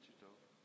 Wichita